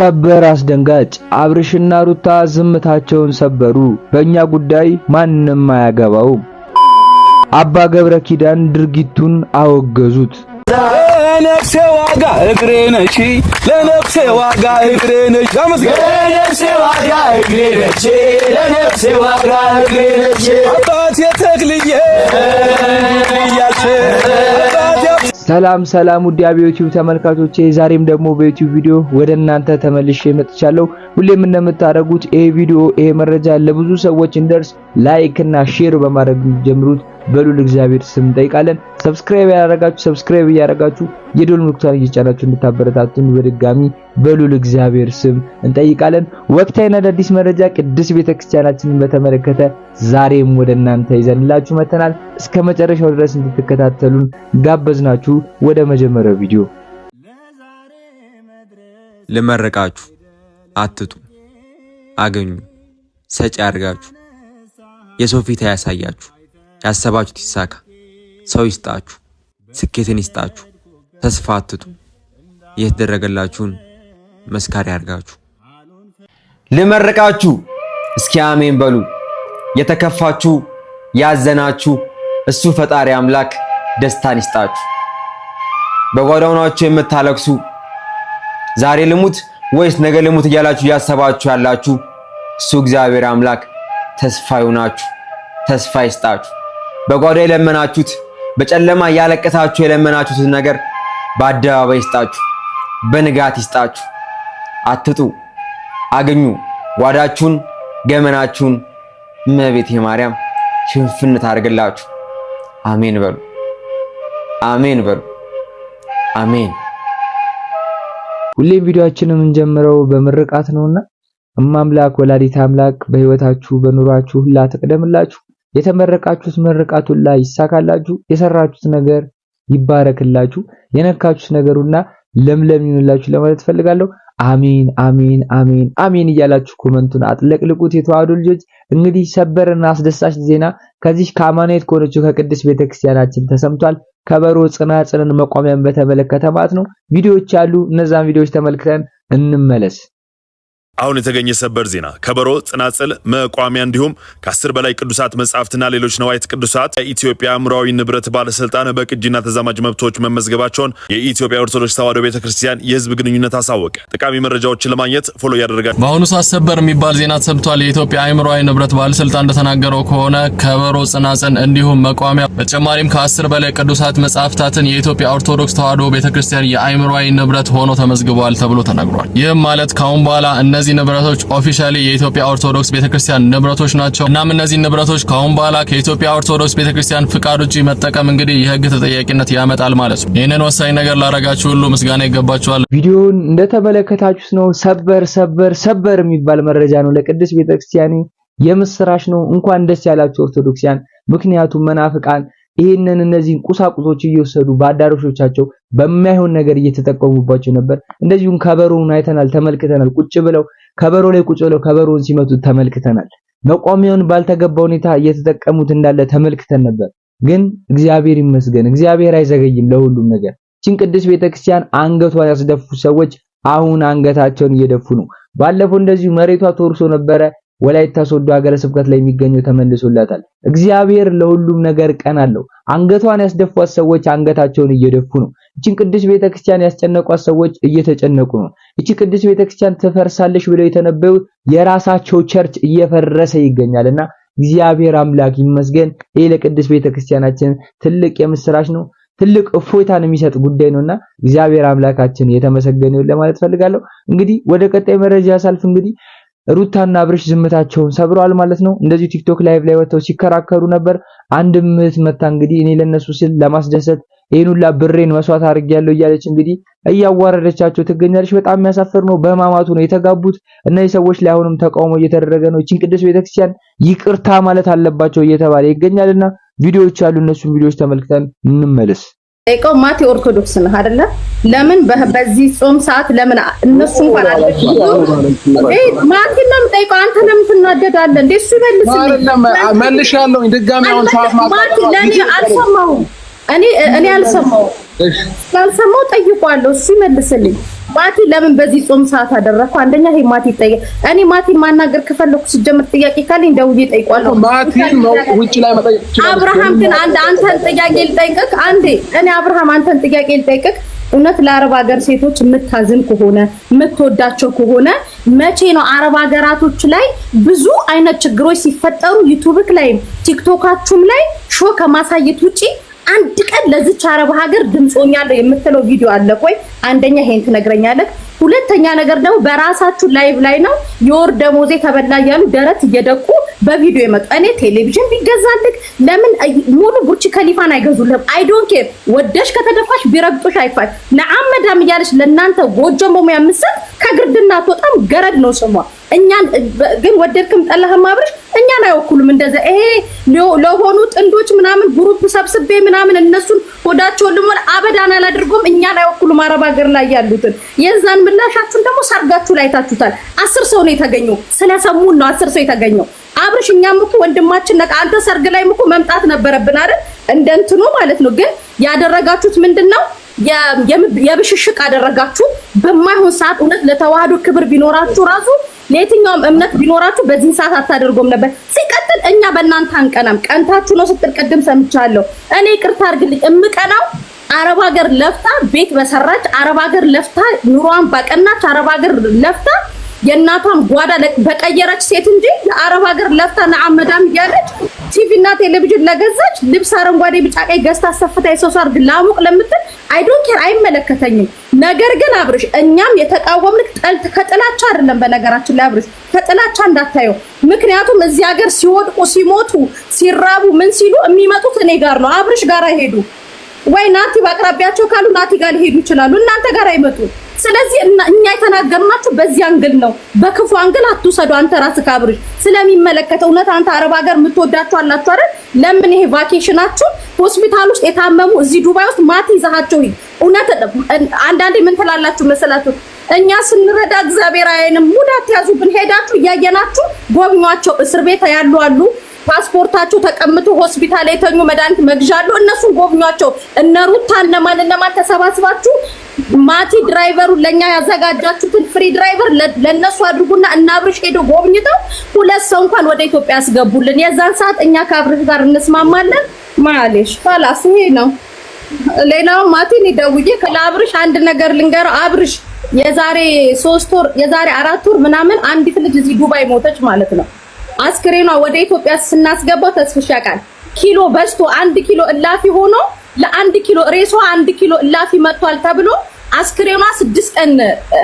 ሰበር አስደንጋጭ! አብርሽና ሩታ ዝምታቸውን ሰበሩ። በእኛ ጉዳይ ማንም አያገባውም። አባ ገብረ ኪዳን ድርጊቱን አወገዙት። ለነፍሴ ዋጋ እግሬ ነሽ፣ ለነፍሴ ዋጋ እግሬ ነሽ፣ ለነፍሴ ዋጋ እግሬ ነሽ፣ ለነፍሴ ዋጋ እግሬ አባቴ ተክልዬ ሰላም ሰላም ውድ አብ ዩቲዩብ ተመልካቾቼ፣ ዛሬም ደግሞ በዩቲዩብ ቪዲዮ ወደ እናንተ ተመልሼ መጥቻለሁ። ሁሌም እንደምታደርጉት ይሄ ቪዲዮ ይሄ መረጃ ለብዙ ሰዎች እንደርስ ላይክ እና ሼር በማድረግ ጀምሩት። በሉል እግዚአብሔር ስም እንጠይቃለን። ሰብስክራይብ ያደረጋችሁ ሰብስክራይብ እያደረጋችሁ የዶል ምልክቷን እየጫናችሁ እንድታበረታቱን በድጋሚ በሉል እግዚአብሔር ስም እንጠይቃለን። ወቅታዊና አዳዲስ መረጃ ቅድስት ቤተክርስቲያናችንን በተመለከተ ዛሬም ወደ እናንተ ይዘንላችሁ መተናል። እስከ መጨረሻው ድረስ እንድትከታተሉን ጋበዝናችሁ። ወደ መጀመሪያው ቪዲዮ ልመረቃችሁ። አትጡ፣ አገኙ፣ ሰጪ አድርጋችሁ የሰው ፊት አያሳያችሁ። ያሰባችሁት ይሳካ። ሰው ይስጣችሁ፣ ስኬትን ይስጣችሁ። ተስፋ አትጡ። የተደረገላችሁን መስካሪ አድርጋችሁ። ልመርቃችሁ እስኪ አሜን በሉ። የተከፋችሁ ያዘናችሁ እሱ ፈጣሪ አምላክ ደስታን ይስጣችሁ። በጓዳውናችሁ የምታለክሱ የምታለቅሱ ዛሬ ልሙት ወይስ ነገ ልሙት እያላችሁ እያሰባችሁ ያላችሁ እሱ እግዚአብሔር አምላክ ተስፋ ይሁናችሁ፣ ተስፋ ይስጣችሁ። በጓዳ የለመናችሁት በጨለማ እያለቀሳችሁ የለመናችሁትን ነገር በአደባባይ ይስጣችሁ፣ በንጋት ይስጣችሁ። አትጡ፣ አግኙ። ጓዳችሁን ገመናችሁን እመቤቴ ማርያም ሽንፍን አድርግላችሁ። አሜን በሉ፣ አሜን በሉ፣ አሜን። ሁሌም ቪዲዮአችንን የምንጀምረው በምርቃት ነውና እማምላክ ወላዲት አምላክ በህይወታችሁ በኑሯችሁ ሁላ ትቅደምላችሁ። የተመረቃችሁት ምርቃት ሁላ ይሳካላችሁ። የሰራችሁት ነገር ይባረክላችሁ። የነካችሁት ነገሩና ለምለም ይሁንላችሁ ለማለት ፈልጋለሁ። አሚን አሚን አሜን አሚን እያላችሁ ኮመንቱን አጥለቅልቁት። የተዋህዶ ልጆች እንግዲህ ሰበርና አስደሳች ዜና ከዚህ ከአማናዊት ከሆነችው ከቅድስት ቤተክርስቲያናችን ተሰምቷል። ከበሮ ጽናጽንን መቋሚያን በተመለከተ ማለት ነው። ቪዲዮዎች አሉ። እነዛን ቪዲዮዎች ተመልክተን እንመለስ። አሁን የተገኘ ሰበር ዜና ከበሮ፣ ጽናጽል፣ መቋሚያ እንዲሁም ከአስር በላይ ቅዱሳት መጽሐፍትና ሌሎች ነዋይት ቅዱሳት የኢትዮጵያ አእምሯዊ ንብረት ባለስልጣን በቅጂና ተዛማጅ መብቶች መመዝገባቸውን የኢትዮጵያ ኦርቶዶክስ ተዋሕዶ ቤተ ክርስቲያን ግንኙነት አሳወቀ። ጠቃሚ መረጃዎችን ለማግኘት ፎሎ ያደርጋል። በአሁኑ ሰዓት ሰበር የሚባል ዜና ተሰምቷል። የኢትዮጵያ አእምሯዊ ንብረት ባለስልጣን እንደተናገረው ከሆነ ከበሮ፣ ጽናጽል እንዲሁም መቋሚያ በተጨማሪም ከአስር በላይ ቅዱሳት መጽሐፍታትን የኢትዮጵያ ኦርቶዶክስ ተዋሕዶ ቤተ ክርስቲያን የአእምሯዊ ንብረት ሆኖ ተመዝግበዋል ተብሎ ተነግሯል። ይህም ማለት ከአሁን በኋላ እነ እነዚህ ንብረቶች ኦፊሻሊ የኢትዮጵያ ኦርቶዶክስ ቤተክርስቲያን ንብረቶች ናቸው። እናም እነዚህ ንብረቶች ከአሁን በኋላ ከኢትዮጵያ ኦርቶዶክስ ቤተክርስቲያን ፍቃድ ውጪ መጠቀም እንግዲህ የህግ ተጠያቂነት ያመጣል ማለት ነው። ይህንን ወሳኝ ነገር ላረጋችሁ ሁሉ ምስጋና ይገባችኋል። ቪዲዮውን እንደተመለከታችሁት ነው ሰበር ሰበር ሰበር የሚባል መረጃ ነው ለቅድስት ቤተክርስቲያን የምስራች ነው። እንኳን ደስ ያላችሁ ኦርቶዶክሲያን። ምክንያቱም መናፍቃን ይህንን እነዚህን ቁሳቁሶች እየወሰዱ በአዳራሾቻቸው በማይሆን ነገር እየተጠቀሙባቸው ነበር። እንደዚሁም ከበሮውን አይተናል፣ ተመልክተናል። ቁጭ ብለው ከበሮ ላይ ቁጭ ብለው ከበሮውን ሲመቱት ተመልክተናል። መቋሚያውን ባልተገባ ሁኔታ እየተጠቀሙት እንዳለ ተመልክተን ነበር። ግን እግዚአብሔር ይመስገን፣ እግዚአብሔር አይዘገይም ለሁሉም ነገር። ይህችን ቅድስት ቤተክርስቲያን አንገቷን ያስደፉ ሰዎች አሁን አንገታቸውን እየደፉ ነው። ባለፈው እንደዚሁ መሬቷ ተወርሶ ነበረ። ወላይታ ሶዶ ሀገረ ስብከት ላይ የሚገኘው ተመልሶላታል። እግዚአብሔር ለሁሉም ነገር ቀን አለው። አንገቷን ያስደፏት ሰዎች አንገታቸውን እየደፉ ነው። እቺን ቅዱስ ቤተክርስቲያን ያስጨነቋት ሰዎች እየተጨነቁ ነው። እቺ ቅዱስ ቤተክርስቲያን ትፈርሳለች ብለው የተነበዩት የራሳቸው ቸርች እየፈረሰ ይገኛልና እግዚአብሔር አምላክ ይመስገን። ይህ ለቅዱስ ቤተክርስቲያናችን ትልቅ የምስራች ነው። ትልቅ እፎይታን የሚሰጥ ጉዳይ ነውና እግዚአብሔር አምላካችን የተመሰገነ ለማለት ፈልጋለሁ። እንግዲህ ወደ ቀጣይ መረጃ ሳልፍ እንግዲህ ሩታና አብርሽ ዝምታቸውን ሰብረዋል ማለት ነው። እንደዚሁ ቲክቶክ ላይቭ ላይ ወጥተው ሲከራከሩ ነበር። አንድ ምህት መታ እንግዲህ እኔ ለነሱ ስል ለማስደሰት ይህን ሁላ ብሬን መስዋዕት አድርጌያለሁ እያለች እንግዲህ እያዋረደቻቸው ትገኛለች። በጣም የሚያሳፍር ነው። በማማቱ ነው የተጋቡት እነዚህ ሰዎች ላይ አሁንም ተቃውሞ እየተደረገ ነው። እቺን ቅድስት ቤተክርስቲያን ይቅርታ ማለት አለባቸው እየተባለ ይገኛልና ቪዲዮዎች አሉ። እነሱን ቪዲዮዎች ተመልክተን እንመለስ። ጠይቀው ማቴ ኦርቶዶክስ ነህ አይደለ? ለምን በዚህ ጾም ሰዓት ለምን እነሱ እንኳን አለች እይ ማቴ ለምን ጠይቀው አንተ ለምን ትናደዳለህ እንዴ? እሱ ይመልስልኝ። መልሻለሁ ድጋሚ አልሰማሁም። እኔ እኔ አልሰማሁም። ካልሰማሁ ጠይቋለሁ። እሱ ይመልስልኝ። ማቲ ለምን በዚህ ጾም ሰዓት አደረኩ? አንደኛ ይሄ ማቲ ይጠይቅ። እኔ ማቲ ማናገር ከፈለኩ ስጀምር ጥያቄ ካለኝ ደውዬ እጠይቀዋለሁ። ማቲ ውጭ ላይ መጠየቅ ይችላል። አብርሃም ግን አንድ አንተን ጥያቄ ልጠይቅህ። አንዴ እኔ አብርሃም አንተን ጥያቄ ልጠይቅህ። እውነት ለአረብ ሀገር ሴቶች የምታዝን ከሆነ የምትወዳቸው ከሆነ መቼ ነው አረብ ሀገራቶች ላይ ብዙ አይነት ችግሮች ሲፈጠሩ ዩቱብክ ላይም ቲክቶካችሁም ላይ ሾ ከማሳየት ውጪ አንድ ቀን ለዚች አረብ ሀገር ድምፆኛለሁ የምትለው ቪዲዮ አለ ወይ? አንደኛ ይሄን ትነግረኛለህ። ሁለተኛ ነገር ደግሞ በራሳችሁ ላይቭ ላይ ነው የወር ደሞዜ ተበላ እያሉ ደረት እየደቁ በቪዲዮ የመጡ እኔ ቴሌቪዥን ቢገዛልህ ለምን ሙሉ ቡርች ከሊፋን አይገዙልህም? አይ ዶንት ኬር ወደሽ ከተደፋሽ ቢረግጦሽ አይፋል ለአመዳም እያለች ለእናንተ ጎጆ በሙያ የምትሰጥ ከግርድና አትወጣም። ገረድ ነው ስሟ። እኛን ግን ወደድክም ጠላህም አብርሽ እኛን አይወኩሉም። እንደዛ ይሄ ለሆኑ ጥንዶች ምናምን ግሩፕ ሰብስቤ ምናምን እነሱን ሆዳቸውን ልሞል አበዳን አላድርጎም። እኛን አይወኩሉም። አረብ ሀገር ላይ ያሉትን የዛን ምላሻችሁን ደግሞ ሰርጋችሁ ላይ ታችሁታል። አስር ሰው ነው የተገኘው። ስለሰሙን ነው አስር ሰው የተገኘው። አብርሽ እኛም እኮ ወንድማችን ነቃ። አንተ ሰርግ ላይ እኮ መምጣት ነበረብን አይደል? እንደንትኑ ማለት ነው። ግን ያደረጋችሁት ምንድን ነው? የብሽሽቅ አደረጋችሁ። በማይሆን ሰዓት እውነት ለተዋህዶ ክብር ቢኖራችሁ ራሱ ለየትኛውም እምነት ቢኖራችሁ በዚህን ሰዓት አታደርጎም ነበር። ሲቀጥል እኛ በእናንተ አንቀናም። ቀንታችሁ ነው ስትል ቅድም ሰምቻለሁ። እኔ ቅርታ አድርግልኝ፣ እምቀናው አረብ ሀገር ለፍታ ቤት በሰራች አረብ ሀገር ለፍታ ኑሯን በቀናች አረብ ሀገር ለፍታ የእናቷን ጓዳ በቀየረች ሴት እንጂ የአረብ ሀገር ለፍታ ነአመዳም እያለች ቲቪ እና ቴሌቪዥን ለገዛች ልብስ አረንጓዴ፣ ቢጫ፣ ቀይ ገዝታ አሰፍታ የሰው ሳር ላሙቅ ለምትል አይ ዶንት ኬር አይመለከተኝም። ነገር ግን አብርሽ እኛም የተቃወምን ከጥላቻ አይደለም። በነገራችን ላይ አብርሽ ከጥላቻ እንዳታየው። ምክንያቱም እዚህ ሀገር ሲወድቁ ሲሞቱ ሲራቡ ምን ሲሉ የሚመጡት እኔ ጋር ነው። አብርሽ ጋር ሄዱ ወይ ናቲ በአቅራቢያቸው ካሉ ናቲ ጋር ሊሄዱ ይችላሉ። እናንተ ጋር አይመጡ ስለዚህ እኛ የተናገርናችሁ በዚህ አንግል ነው። በክፉ አንግል አትውሰዱ። አንተ ራስ ካብሪ ስለሚመለከት እውነት አንተ አረብ ሀገር የምትወዳችሁ አላችሁ አይደል? ለምን ይሄ ቫኬሽናችሁ ሆስፒታል ውስጥ የታመሙ እዚህ ዱባይ ውስጥ ማት ይዛሃቸው። እውነት አንዳንዴ ምን ትላላችሁ መሰላችሁ? እኛ ስንረዳ እግዚአብሔር አይንም ሙዳት ያዙብን። ሄዳችሁ እያየናችሁ ጎብኟቸው። እስር ቤት ያሉ አሉ ፓስፖርታቸው ተቀምጦ ሆስፒታል የተኙ መድኃኒት መግዣ አሉ። እነሱን ጎብኟቸው። እነ ሩታን ለማን ለማን ተሰባስባችሁ ማቲ ድራይቨሩ ለኛ ያዘጋጃችሁትን ፍሪ ድራይቨር ለነሱ አድርጉና እና አብርሽ ሄዶ ጎብኝተው ሁለት ሰው እንኳን ወደ ኢትዮጵያ ያስገቡልን። የዛን ሰዓት እኛ ከአብርሽ ጋር እንስማማለን። ማለሽ ፋላስ ይሄ ነው። ሌላው ማቲን ይደውዬ ከላብርሽ አንድ ነገር ልንገረው። አብርሽ የዛሬ ሶስት ወር የዛሬ አራት ወር ምናምን አንዲት ልጅ እዚህ ዱባይ ሞተች ማለት ነው። አስክሬኗ ወደ ኢትዮጵያ ስናስገባው ተስፍሽ ያውቃል ኪሎ በዝቶ አንድ ኪሎ እላፊ ሆኖ ለአንድ ኪሎ ሬሶ አንድ ኪሎ እላፊ መጥቷል ተብሎ አስክሬኗ ስድስት ቀን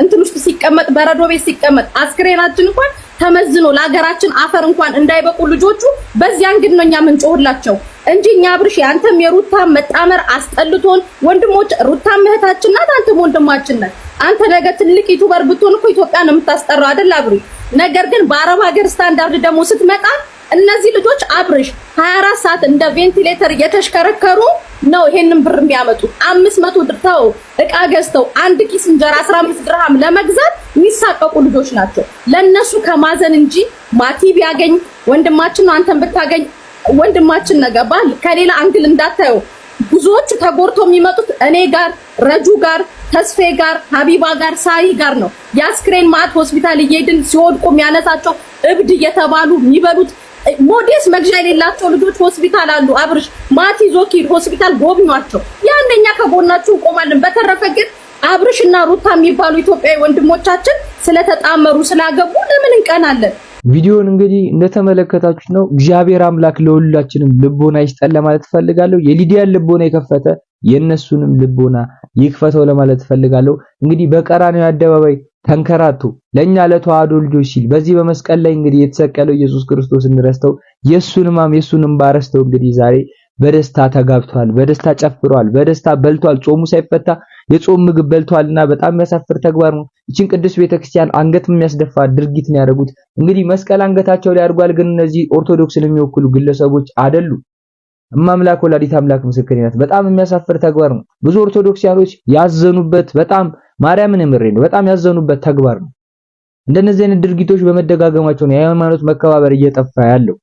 እንትን ውስጥ ሲቀመጥ በረዶ ቤት ሲቀመጥ አስክሬናችን እንኳን ተመዝኖ ለሀገራችን አፈር እንኳን እንዳይበቁ ልጆቹ በዚያን ግን ነው እኛ ምንጮህላቸው እንጂ እኛ አብርሽ የአንተም የሩታ መጣመር አስጠልቶን፣ ወንድሞች ሩታ እህታችን ናት፣ አንተም ወንድማችን ነን አንተ ነገ ትልቅ ዩቱበር ብትሆን እኮ ኢትዮጵያን የምታስጠራው አይደል አብሪ? ነገር ግን በአረብ ሀገር ስታንዳርድ ደግሞ ስትመጣ እነዚህ ልጆች አብርሽ 24 ሰዓት እንደ ቬንቲሌተር እየተሽከረከሩ ነው ይሄንን ብር የሚያመጡት አምስት መቶ ድርታው እቃ ገዝተው አንድ ኪስ እንጀራ 15 ድርሃም ለመግዛት የሚሳቀቁ ልጆች ናቸው። ለነሱ ከማዘን እንጂ ማቲ ቢያገኝ ወንድማችን ነው። አንተን ብታገኝ ወንድማችን ነገ ከሌላ አንግል እንዳታየው። ብዙዎቹ ተጎድቶ የሚመጡት እኔ ጋር፣ ረጁ ጋር፣ ተስፌ ጋር፣ ሀቢባ ጋር፣ ሳሪ ጋር ነው። የአስክሬን ማት ሆስፒታል እየሄድን ሲወድቁ የሚያነሳቸው እብድ እየተባሉ የሚበሉት ሞዴስ መግዣ የሌላቸው ልጆች ሆስፒታል አሉ። አብርሽ ማቲ ዞኪድ ሆስፒታል ጎብኟቸው። የአንደኛ ከጎናችሁ እንቆማለን። በተረፈ ግን አብርሽ እና ሩታ የሚባሉ ኢትዮጵያዊ ወንድሞቻችን ስለተጣመሩ ስላገቡ ለምን እንቀናለን? ቪዲዮን እንግዲህ እንደተመለከታችሁ ነው። እግዚአብሔር አምላክ ለሁላችንም ልቦና ይስጠን ለማለት ፈልጋለሁ። የሊዲያን ልቦና የከፈተ የእነሱንም ልቦና ይክፈተው ለማለት ፈልጋለሁ። እንግዲህ በቀራንዮ አደባባይ ተንከራቱ ለኛ ለተዋህዶ ልጆች ሲል በዚህ በመስቀል ላይ እንግዲህ የተሰቀለው ኢየሱስ ክርስቶስ እንረስተው የሱን ማም የሱንም ባረስተው እንግዲህ ዛሬ በደስታ ተጋብቷል፣ በደስታ ጨፍሯል፣ በደስታ በልቷል። ጾሙ ሳይፈታ የጾም ምግብ በልቷልና በጣም የሚያሳፍር ተግባር ነው። ይችን ቅዱስ ቤተክርስቲያን አንገት የሚያስደፋ ድርጊት ነው ያደርጉት። እንግዲህ መስቀል አንገታቸው ላይ አድርጓል። ግን እነዚህ ኦርቶዶክስን የሚወክሉ ግለሰቦች አይደሉ። እማምላክ ወላዲት አምላክ ምስክር ናት። በጣም የሚያሳፍር ተግባር ነው። ብዙ ኦርቶዶክሲያኖች ያዘኑበት በጣም ማርያምን የምሬ ነው። በጣም ያዘኑበት ተግባር ነው። እንደነዚህ አይነት ድርጊቶች በመደጋገማቸው ነው የሃይማኖት መከባበር እየጠፋ ያለው።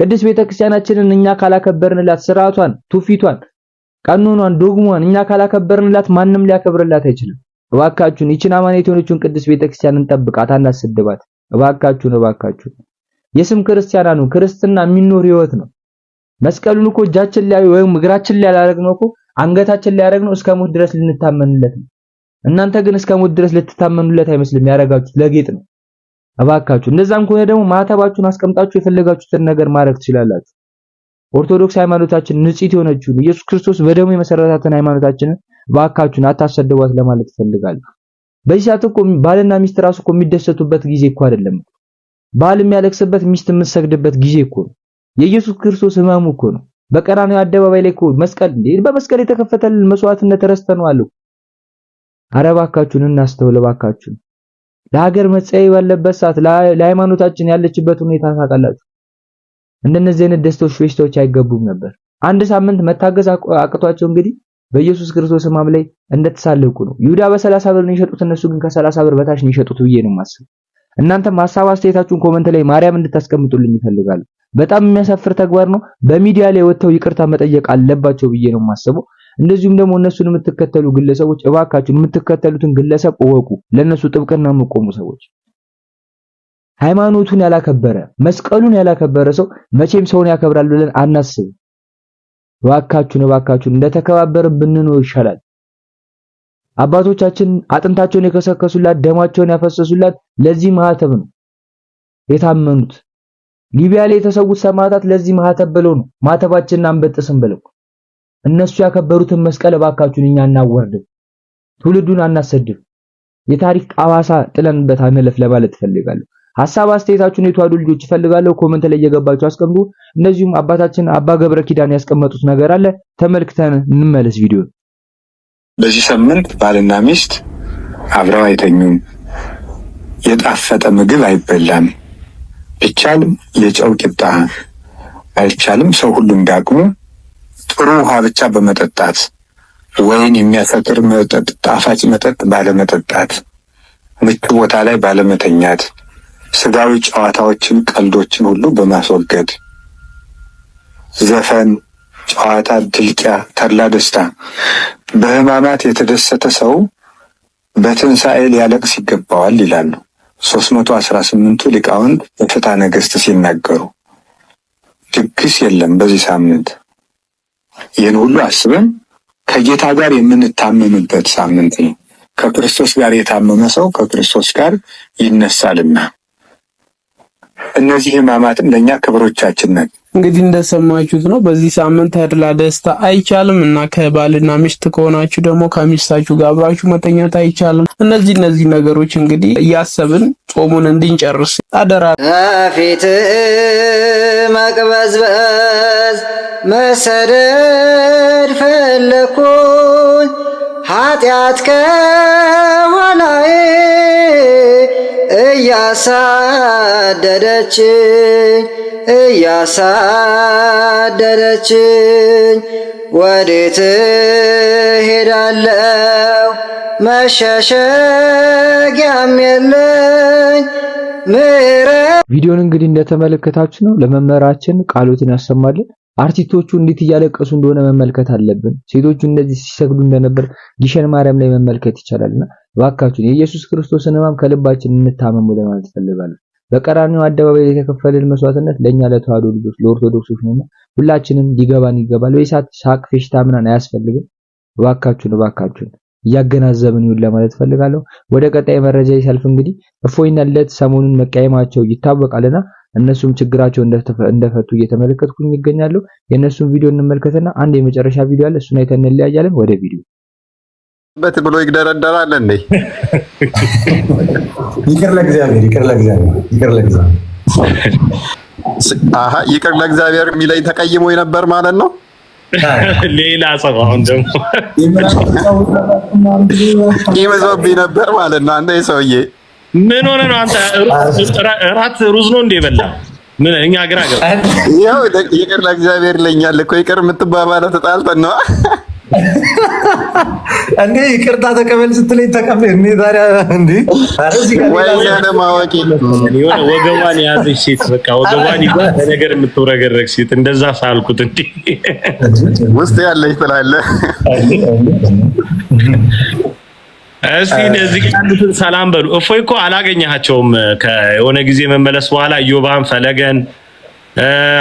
ቅድስት ቤተክርስቲያናችንን እኛ ካላከበርንላት፣ ስርዓቷን፣ ትውፊቷን፣ ቀኖኗን፣ ዶግሟን እኛ ካላከበርንላት ማንም ሊያከብርላት አይችልም። እባካችሁን ይችን አማኔት የሆነችውን ቅድስት ቤተክርስቲያንን ጠብቃት፣ አናስድባት። እባካችሁን እባካችሁን የስም ክርስቲያና ነው። ክርስትና የሚኖር ህይወት ነው። መስቀሉን እኮ እጃችን ላይ ወይም እግራችን ላይ ያላረግነው እኮ አንገታችን ላይ ያረግነው እስከ ሞት ድረስ ልንታመንለት ነው። እናንተ ግን እስከ ሞት ድረስ ልትታመኑለት አይመስልም። ያረጋችሁት ለጌጥ ነው። እባካችሁ እንደዛም ከሆነ ደግሞ ማዕተባችሁን አስቀምጣችሁ የፈለጋችሁትን ነገር ማድረግ ትችላላችሁ። ኦርቶዶክስ ሃይማኖታችን ንጽሕት የሆነችውን ኢየሱስ ክርስቶስ በደሙ የመሰረታትን ሃይማኖታችንን እባካችሁን አታሰደቧት ለማለት እፈልጋለሁ። በዚህ ሰዓት እኮ ባልና ሚስት ራሱ እኮ የሚደሰቱበት ጊዜ እኮ አይደለም። ባል የሚያለቅስበት፣ ሚስት የምትሰግድበት ጊዜ እኮ ነው። የኢየሱስ ክርስቶስ ህመሙ እኮ ነው። በቀራንዮ አደባባይ ላይ እኮ መስቀል እንዴ በመስቀል የተከፈተልን መስዋዕትነት ረስተነዋል እኮ አረ እባካችሁን እናስተውል፣ እባካችሁን ለሀገር መጸየይ ባለበት ሰዓት ለሃይማኖታችን ያለችበት ሁኔታ ታውቃላችሁ። እንደነዚህ አይነት ደስቶች ፌሽታዎች አይገቡም ነበር። አንድ ሳምንት መታገዝ አቅቷቸው እንግዲህ በኢየሱስ ክርስቶስ ስም ላይ እንደተሳለቁ ነው። ይሁዳ በሰላሳ ብር ነው የሸጡት፣ እነሱ ግን ከሰላሳ ብር በታች ነው የሸጡት ብዬ ነው የማስበው። እናንተም ሀሳብ አስተያየታችሁን ኮመንት ላይ ማርያም እንድታስቀምጡልኝ ይፈልጋሉ። በጣም የሚያሳፍር ተግባር ነው። በሚዲያ ላይ ወጥተው ይቅርታ መጠየቅ አለባቸው ብዬ ነው የማስበው። እንደዚሁም ደግሞ እነሱን የምትከተሉ ግለሰቦች እባካችሁ የምትከተሉትን ግለሰብ እወቁ። ለነሱ ጥብቅና የምቆሙ ሰዎች ሃይማኖቱን ያላከበረ መስቀሉን ያላከበረ ሰው መቼም ሰውን ያከብራል ብለን አናስብ እባካችሁን እባካችሁን እንደተከባበር ብንኖር ይሻላል። አባቶቻችን አጥንታቸውን የከሰከሱላት ደማቸውን ያፈሰሱላት ለዚህ ማህተብ ነው የታመኑት። ሊቢያ ላይ የተሰዉት ሰማዕታት ለዚህ ማህተብ ብለው ነው ማህተባችንን አንበጥስም ብለው እነሱ ያከበሩትን መስቀል እባካችሁን እኛ እናወርድም፣ ትውልዱን አናሰድብ፣ የታሪክ አዋሳ ጥለንበት አንለፍ ለማለት እፈልጋለሁ። ሀሳብ አስተያየታችሁን የተዋዱ ልጆች እፈልጋለሁ። ኮመንት ላይ እየገባችሁ አስቀምጡ። እነዚሁም አባታችን አባ ገብረ ኪዳን ያስቀመጡት ነገር አለ፣ ተመልክተን እንመለስ። ቪዲዮ በዚህ ሳምንት ባልና ሚስት አብረው አይተኙም፣ የጣፈጠ ምግብ አይበላም፣ ቢቻልም የጨው ቂጣ አይቻልም፣ ሰው ሁሉ እንዳቅሙ ጥሩ ውሃ ብቻ በመጠጣት ወይን የሚያሰክር መጠጥ፣ ጣፋጭ መጠጥ ባለመጠጣት፣ ምቹ ቦታ ላይ ባለመተኛት፣ ስጋዊ ጨዋታዎችን፣ ቀልዶችን ሁሉ በማስወገድ ዘፈን፣ ጨዋታ፣ ድልቂያ፣ ተድላ ደስታ። በህማማት የተደሰተ ሰው በትንሣኤ ሊያለቅስ ይገባዋል ይላሉ ሶስት መቶ አስራ ስምንቱ ሊቃውንት በፍትሐ ነገሥት ሲናገሩ። ድግስ የለም በዚህ ሳምንት። ይህን ሁሉ አስበን ከጌታ ጋር የምንታመምበት ሳምንት ነው። ከክርስቶስ ጋር የታመመ ሰው ከክርስቶስ ጋር ይነሳልና እነዚህ ህማማትም ለእኛ ክብሮቻችን ነን። እንግዲህ እንደሰማችሁት ነው። በዚህ ሳምንት ተድላ ደስታ አይቻልም እና ከባልና ሚስት ከሆናችሁ ደግሞ ከሚስታችሁ ጋር አብራችሁ መተኛት አይቻልም። እነዚህ እነዚህ ነገሮች እንግዲህ እያሰብን ጾሙን እንድንጨርስ አደራ። ፊት መቅበዝበዝ መሰደድ ፈለኩኝ ኃጢአት ከኋላዬ እያሳደደችኝ እያሳደደችኝ ወዴት ሄዳለሁ? መሸሸጊያም የለኝ ምሕረት። ቪዲዮን እንግዲህ እንደተመለከታችሁ ነው። ለመምህራችን ቃሎትን ያሰማልን። አርቲስቶቹ እንዴት እያለቀሱ እንደሆነ መመልከት አለብን። ሴቶቹ እንደዚህ ሲሰግዱ እንደነበር ጊሸን ማርያም ላይ መመልከት ይቻላልና እባካችሁን የኢየሱስ ክርስቶስን ሕማም ከልባችን እንታመሙ ለማለት ፈልጋለሁ። በቀራኒው አደባባይ የተከፈለን መስዋዕትነት ለኛ ለተዋሕዶ ልጆች ለኦርቶዶክሶች ነውና ሁላችንም ሊገባን ይገባል። ሳቅ፣ ፌሽታ ምናምን አያስፈልግም። እባካችሁን እባካችሁን እያገናዘብን ይሁን ለማለት ፈልጋለሁ። ወደ ቀጣይ መረጃ ይሰልፍ እንግዲህ እፎይና ለት ሰሞኑን መቀየማቸው ይታወቃልና እነሱም ችግራቸው እንደፈቱ እየተመለከትኩኝ ይገኛሉ። የእነሱን ቪዲዮ እንመልከትና አንድ የመጨረሻ ቪዲዮ አለ፣ እሱን አይተን እንለያያለን። ወደ ቪዲዮ በት ብሎ ይግደረደራል እንዴ! ይቅር ለእግዚአብሔር፣ ይቅር ለእግዚአብሔር፣ ይቅር ለእግዚአብሔር። አሀ ይቅር ለእግዚአብሔር የሚለኝ ተቀይሞ ነበር ማለት ነው። ሌላ ሰው አሁን ደግሞ ይመዘብኝ ነበር ማለት ነው። አንተ ሰውዬ ምን ሆነ ነው? አንተ እራት ሩዝ ነው እንደ በላ ምን እኛ ሀገር ሀገር ይኸው ይቅር ለእግዚአብሔር ይለኛል እኮ ይቅር የምትባባለው ተጣልተን ነዋ እንዴ ይቅርታ ተቀበል ስትለኝ ተቀበል። እንዴ ታዲያ እንዴ ማወቅ የሆነ ወገቧን የያዘች ሴት በቃ ወገቧን ይዛ ነገር የምትወረገረግ ሴት እንደዛ ሳልኩት እንዴ ውስጥ ያለች ትላለ። እስቲ እዚህ ያሉትን ሰላም በሉ። እፎይ እኮ አላገኘሃቸውም ከሆነ ጊዜ መመለስ በኋላ ዮባን ፈለገን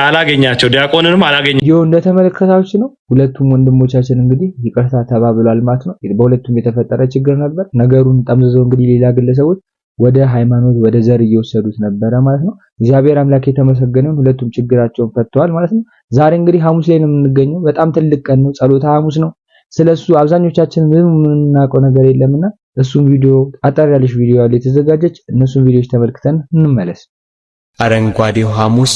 አላገኛቸው ዲያቆንንም አላገኘ ይኸው እንደተመለከታችሁ ነው። ሁለቱም ወንድሞቻችን እንግዲህ ይቅርታ ተባብሏል ማለት ነው። በሁለቱም የተፈጠረ ችግር ነበር። ነገሩን ጠምዝዘው እንግዲህ ሌላ ግለሰቦች ወደ ሃይማኖት፣ ወደ ዘር እየወሰዱት ነበረ ማለት ነው። እግዚአብሔር አምላክ የተመሰገነውን ሁለቱም ችግራቸውን ፈተዋል ማለት ነው። ዛሬ እንግዲህ ሐሙስ ላይ ነው የምንገኘው። በጣም ትልቅ ቀን ነው። ጸሎተ ሐሙስ ነው። ስለሱ አብዛኞቻችን ምንም የምናውቀው ነገር የለምና እሱም ቪዲዮ አጠር ያለች ቪዲዮ ያለ የተዘጋጀች እነሱም ቪዲዮዎች ተመልክተን እንመለስ። አረንጓዴው ሐሙስ፣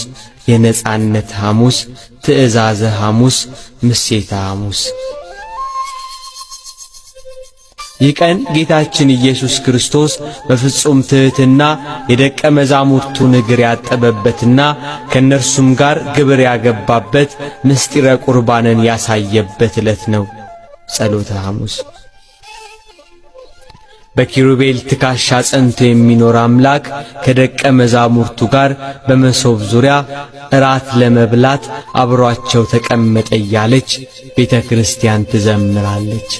የነጻነት ሐሙስ፣ ትዕዛዘ ሐሙስ፣ ምሴተ ሐሙስ። ይህ ቀን ጌታችን ኢየሱስ ክርስቶስ በፍጹም ትሕትና የደቀ መዛሙርቱን እግር ያጠበበትና ከእነርሱም ጋር ግብር ያገባበት ምስጢረ ቁርባንን ያሳየበት ዕለት ነው። ጸሎተ ሐሙስ በኪሩቤል ትካሻ ጸንቶ የሚኖር አምላክ ከደቀ መዛሙርቱ ጋር በመሶብ ዙሪያ እራት ለመብላት አብሯቸው ተቀመጠ እያለች ቤተ ክርስቲያን ትዘምራለች።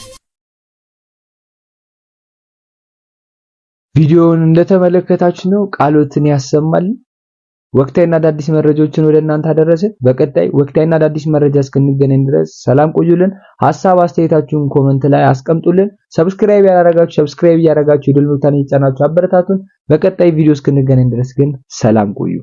ቪዲዮውን እንደተመለከታችሁ ነው። ቃሎትን ያሰማል ወቅታዊና አዳዲስ መረጃዎችን ወደ እናንተ አደረስን። በቀጣይ ወቅታዊና አዳዲስ መረጃ እስክንገናኝ ድረስ ሰላም ቆዩልን። ሀሳብ አስተያየታችሁን ኮመንት ላይ አስቀምጡልን። ሰብስክራይብ ያላረጋችሁ ሰብስክራይብ እያረጋችሁ የደወል ምልክቱን እየጫናችሁ አበረታቱን። በቀጣይ ቪዲዮ እስክንገናኝ ድረስ ግን ሰላም ቆዩ።